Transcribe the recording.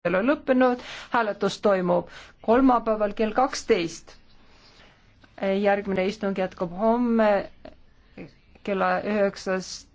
ei ole lõppenud, hääletus toimub kolmapäeval kell kaksteist. järgmine istung jätkub homme kella üheksast